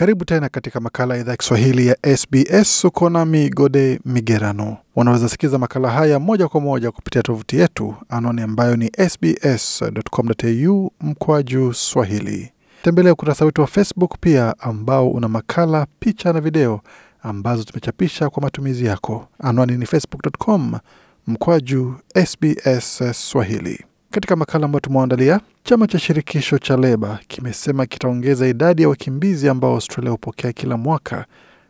Karibu tena katika makala ya idhaa ya Kiswahili ya SBS. Uko nami Gode Migerano. Unaweza sikiza makala haya moja kwa moja kupitia tovuti yetu, anwani ambayo ni sbs.com.au mkwaju swahili. Tembelea ukurasa wetu wa Facebook pia, ambao una makala, picha na video ambazo tumechapisha kwa matumizi yako. Anwani ni facebook.com mkwaju sbs swahili. Katika makala ambayo tumewaandalia, chama cha shirikisho cha Leba kimesema kitaongeza idadi ya wakimbizi ambao Australia hupokea kila mwaka,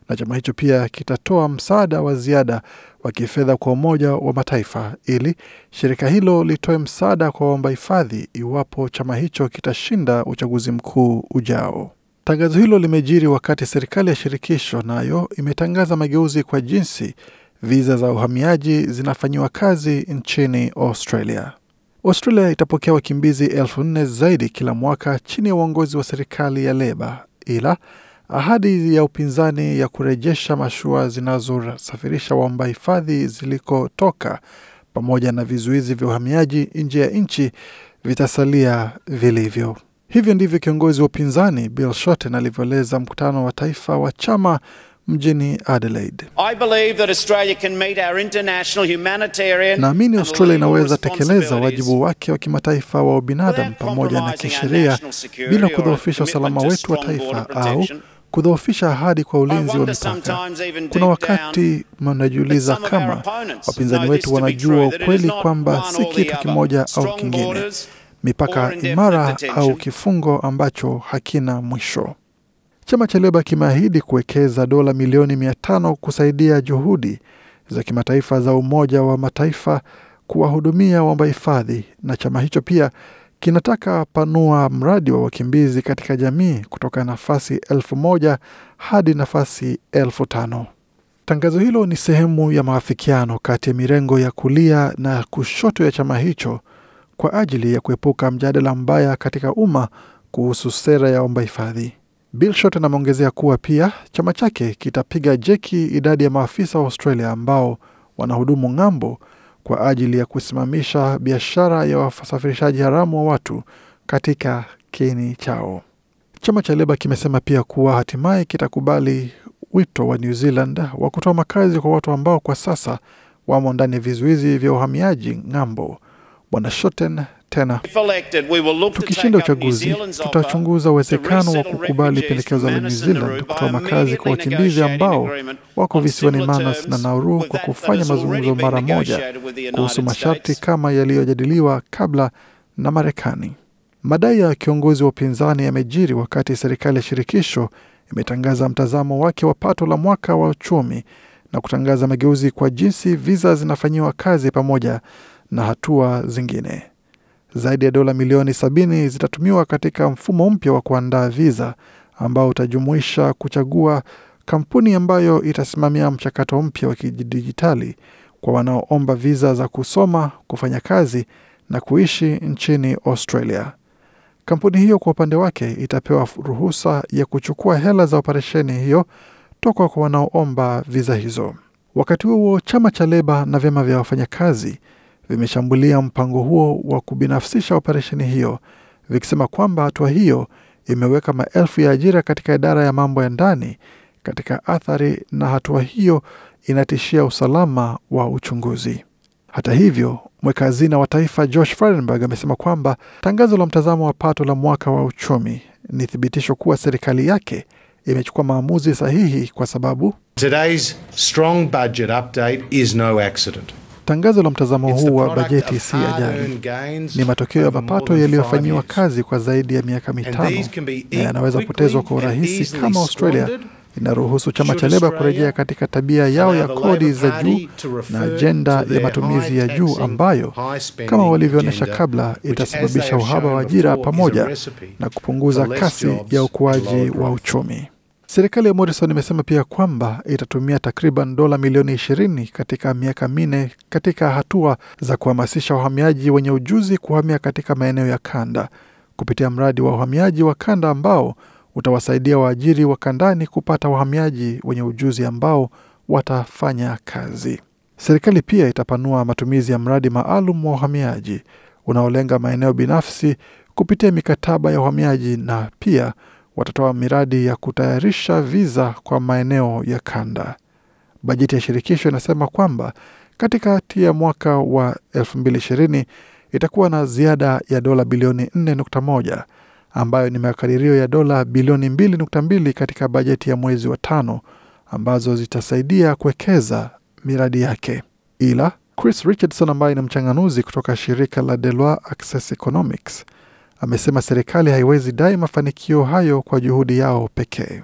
na chama hicho pia kitatoa msaada wa ziada wa kifedha kwa Umoja wa Mataifa ili shirika hilo litoe msaada kwa waomba hifadhi iwapo chama hicho kitashinda uchaguzi mkuu ujao. Tangazo hilo limejiri wakati serikali ya shirikisho nayo imetangaza mageuzi kwa jinsi viza za uhamiaji zinafanyiwa kazi nchini Australia. Australia itapokea wakimbizi elfu nne zaidi kila mwaka chini ya uongozi wa serikali ya Leba, ila ahadi ya upinzani ya kurejesha mashua zinazosafirisha waomba hifadhi zilikotoka pamoja na vizuizi vya uhamiaji nje ya nchi vitasalia vilivyo. Hivyo ndivyo kiongozi wa upinzani Bill Shorten alivyoeleza mkutano wa taifa wa chama mjini Adelaide. Naamini Australia inaweza tekeleza wajibu wake wa kimataifa wa ubinadamu pamoja na kisheria bila kudhoofisha usalama wetu wa taifa au kudhoofisha ahadi kwa ulinzi wa mipaka. Kuna wakati mnajiuliza kama wapinzani wetu wanajua ukweli kwamba si kitu kimoja au kingine, mipaka imara au kifungo ambacho hakina mwisho. Chama cha Leba kimeahidi kuwekeza dola milioni mia tano kusaidia juhudi za kimataifa za Umoja wa Mataifa kuwahudumia waomba hifadhi, na chama hicho pia kinataka panua mradi wa wakimbizi katika jamii kutoka nafasi elfu moja hadi nafasi elfu tano. Tangazo hilo ni sehemu ya maafikiano kati ya mirengo ya kulia na kushoto ya chama hicho kwa ajili ya kuepuka mjadala mbaya katika umma kuhusu sera ya omba hifadhi. Bilshot ameongezea kuwa pia chama chake kitapiga jeki idadi ya maafisa wa Australia ambao wanahudumu ng'ambo kwa ajili ya kusimamisha biashara ya wasafirishaji haramu wa watu katika kini chao. Chama cha Leba kimesema pia kuwa hatimaye kitakubali wito wa New Zealand wa kutoa makazi kwa watu ambao kwa sasa wamo ndani ya vizuizi vya uhamiaji ng'ambo Bwana Shoten tena tukishinda uchaguzi tutachunguza uwezekano wa kukubali pendekezo la New Zealand kutoa makazi kwa wakimbizi ambao wako visiwani Manus na Nauru kwa kufanya mazungumzo mara moja kuhusu masharti kama yaliyojadiliwa kabla na Marekani. Madai ya kiongozi wa upinzani yamejiri wakati serikali ya shirikisho imetangaza mtazamo wake wa pato la mwaka wa uchumi na kutangaza mageuzi kwa jinsi viza zinafanyiwa kazi pamoja na hatua zingine. Zaidi ya dola milioni sabini zitatumiwa katika mfumo mpya wa kuandaa viza ambao utajumuisha kuchagua kampuni ambayo itasimamia mchakato mpya wa kidijitali kwa wanaoomba viza za kusoma, kufanya kazi na kuishi nchini Australia. Kampuni hiyo kwa upande wake itapewa ruhusa ya kuchukua hela za operesheni hiyo toka kwa wanaoomba viza hizo. Wakati huo, chama cha Leba na vyama vya wafanyakazi vimeshambulia mpango huo wa kubinafsisha operesheni hiyo, vikisema kwamba hatua hiyo imeweka maelfu ya ajira katika idara ya mambo ya ndani katika athari, na hatua hiyo inatishia usalama wa uchunguzi. Hata hivyo, mweka hazina wa taifa Josh Frydenberg amesema kwamba tangazo la mtazamo wa pato la mwaka wa uchumi ni thibitisho kuwa serikali yake imechukua maamuzi sahihi kwa sababu Today's strong budget update is no accident. Tangazo la mtazamo huu wa bajeti si ajali, ni matokeo ya mapato yaliyofanyiwa kazi kwa zaidi ya miaka mitano na yanaweza kupotezwa kwa urahisi kama Australia inaruhusu chama cha Leba kurejea katika tabia yao ya kodi za juu na ajenda ya matumizi ya juu ambayo, kama walivyoonyesha kabla, itasababisha uhaba wa ajira pamoja na kupunguza kasi ya ukuaji wa uchumi. Serikali ya Morrison imesema pia kwamba itatumia takriban dola milioni ishirini katika miaka minne katika hatua za kuhamasisha wahamiaji wenye ujuzi kuhamia katika maeneo ya kanda kupitia mradi wa uhamiaji wa kanda ambao utawasaidia waajiri wa kandani kupata wahamiaji wenye ujuzi ambao watafanya kazi. Serikali pia itapanua matumizi ya mradi maalum wa uhamiaji unaolenga maeneo binafsi kupitia mikataba ya uhamiaji na pia watatoa miradi ya kutayarisha viza kwa maeneo ya kanda. Bajeti ya shirikisho inasema kwamba katikati ya mwaka wa 2020 itakuwa na ziada ya dola bilioni 4.1 ambayo ni makadirio ya dola bilioni 2.2 katika bajeti ya mwezi wa tano ambazo zitasaidia kuwekeza miradi yake. Ila Chris Richardson ambaye ni mchanganuzi kutoka shirika la Deloitte Access Economics amesema serikali haiwezi dai mafanikio hayo kwa juhudi yao pekee.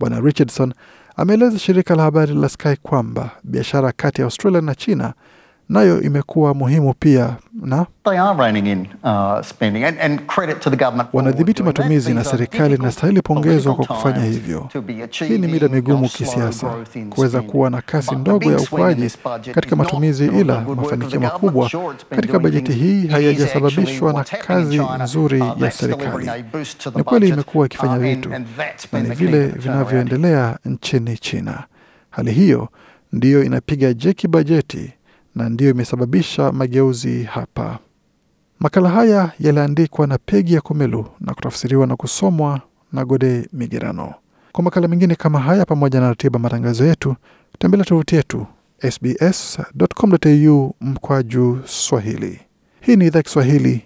Bwana Richardson ameeleza shirika la habari la Sky kwamba biashara kati ya Australia na China nayo imekuwa muhimu pia na uh, wanadhibiti matumizi na serikali inastahili pongezwa kwa kufanya hivyo. Hii ni mida migumu kisiasa kuweza kuwa na kasi ndogo ya ukuaji katika matumizi, ila mafanikio makubwa katika bajeti hii hayajasababishwa na kazi uh, nzuri ya serikali. Ni kweli imekuwa ikifanya uh, vitu na ni vile vinavyoendelea nchini China. Hali hiyo ndiyo inapiga jeki bajeti na ndiyo imesababisha mageuzi hapa. Makala haya yaliandikwa na Pegi ya Komelu na kutafsiriwa na kusomwa na Gode Migerano. Kwa makala mengine kama haya pamoja na ratiba matangazo yetu, tembelea tovuti yetu sbs.com.au mkwaju Swahili. Hii ni idhaa Kiswahili